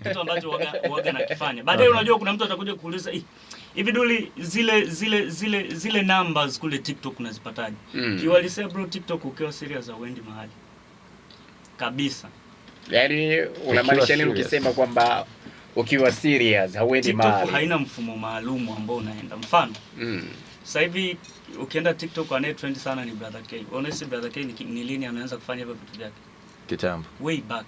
kitu ambacho waga, waga nakifanya baadaye. okay. Unajua, kuna mtu atakuja kuuliza hivi Duli, zile zile zile zile numbers kule TikTok unazipataje? mm. Kiwalisema bro, TikTok ukiwa serious hauendi mahali kabisa. Yani unamaanisha nini ukisema kwamba ukiwa serious hauendi mahali? TikTok haina mfumo maalum ambao unaenda mfano mm. Sasa hivi ukienda TikTok anaye trend sana ni Brother K. Honestly, Brother K ni, ni lini ameanza kufanya hivyo vitu vyake? Kitambo. Way back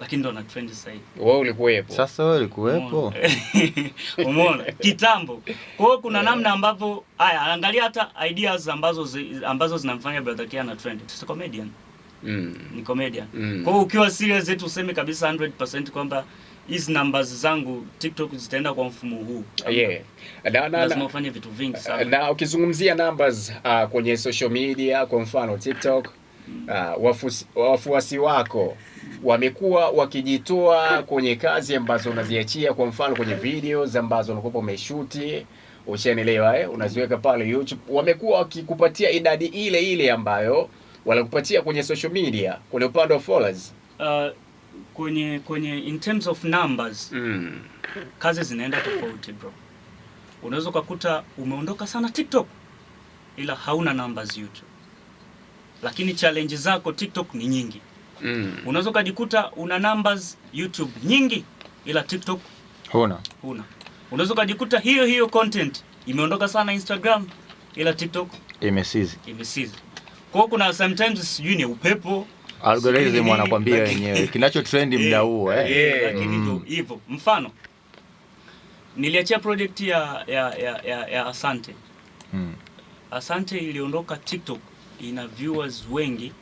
lakini ndo na trend sasa hivi. Wewe ulikuwepo. Sasa wewe ulikuwepo. Umeona? Kitambo. Kwa hiyo kuna yeah, namna ambapo haya angalia hata ideas ambazo zi, ambazo zinamfanya brother Kia na trend. Sasa comedian. Mm. Ni comedian. Mm. Kwa hiyo ukiwa serious yetu useme kabisa 100% kwamba hizi numbers zangu TikTok zitaenda kwa mfumo huu. Yeah. Na na lazima ufanye vitu vingi sana. Na ukizungumzia numbers uh, kwenye social media kwa mfano TikTok mm, uh, wafuasi wako wamekuwa wakijitoa kwenye kazi ambazo unaziachia, kwa mfano kwenye videos ambazo unakuwa umeshuti Ushanielewa eh? Unaziweka pale YouTube, wamekuwa wakikupatia idadi ile ile ambayo walikupatia kwenye social media, kwenye upande wa followers uh, kwenye kwenye in terms of numbers mm. Kazi zinaenda tofauti bro, unaweza ukakuta umeondoka sana TikTok ila hauna numbers YouTube, lakini challenge zako TikTok ni nyingi mm. Unaweza ukajikuta una numbers YouTube nyingi ila TikTok huna, huna. Unaweza ukajikuta hiyo hiyo content imeondoka sana Instagram ila TikTok imesizi, imesizi. Kwa kuna sometimes sijui ni upepo algorithm wanakwambia wenyewe kinacho trend eh, muda huo eh, yeah, lakini mm. hivyo. Mfano niliachia project ya ya ya, ya, ya Asante mm. Asante iliondoka TikTok ina viewers wengi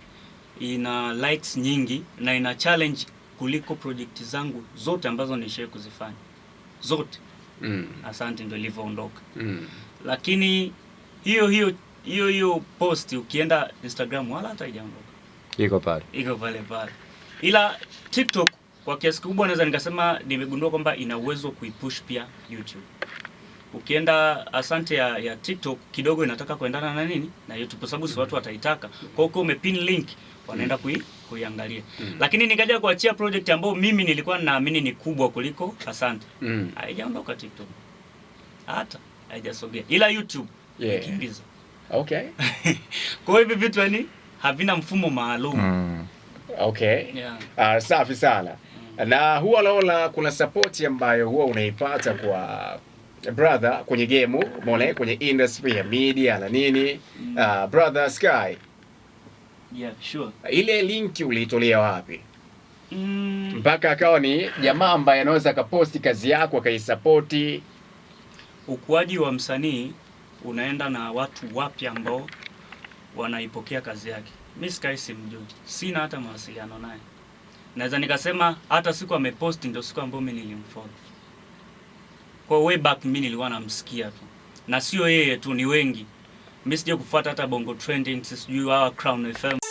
ina likes nyingi na ina challenge kuliko project zangu zote ambazo nishai kuzifanya zote. Mm. Asante, ndio ilivyoondoka. Mm. Lakini hiyo hiyo hiyo hiyo post ukienda Instagram wala hata haijaondoka, iko pale iko pale pale, ila TikTok kwa kiasi kikubwa naweza nikasema nimegundua kwamba ina uwezo kuipush pia YouTube ukienda asante ya, ya TikTok kidogo inataka kuendana na nini na YouTube kwa sababu si watu wataitaka. Kwa hiyo umepin link wanaenda kui, kuiangalia. Mm. Lakini ningeja kuachia project ambayo mimi nilikuwa naamini ni kubwa kuliko asante. Mm. Haijaondoka TikTok. Hata haijasogea. Ila YouTube yeah. Ikimbiza. Okay. Kwa hiyo hivi vitu yani havina mfumo maalum. Mm. Okay. Yeah. Uh, safi sana. Mm. Na huwa naona kuna support ambayo huwa unaipata kwa brother kwenye game mole eh? kwenye industry ya media na nini mm. Uh, brother Sky yeah, sure. Ile linki uliitolea wapi mm. mpaka mm. akawa ni jamaa ambaye anaweza akaposti kazi yako akaisapoti? Ukuaji wa msanii unaenda na watu wapya ambao wanaipokea kazi yake. Mi Sky simjui, sina hata mawasiliano naye, naweza nikasema hata siku ameposti ndio siku ambayo mi nilimfollow. Kwa way back mimi nilikuwa namsikia tu, na sio yeye tu, ni wengi. Mimi sije kufuata hata Bongo Trending, sijui hawa Crown FM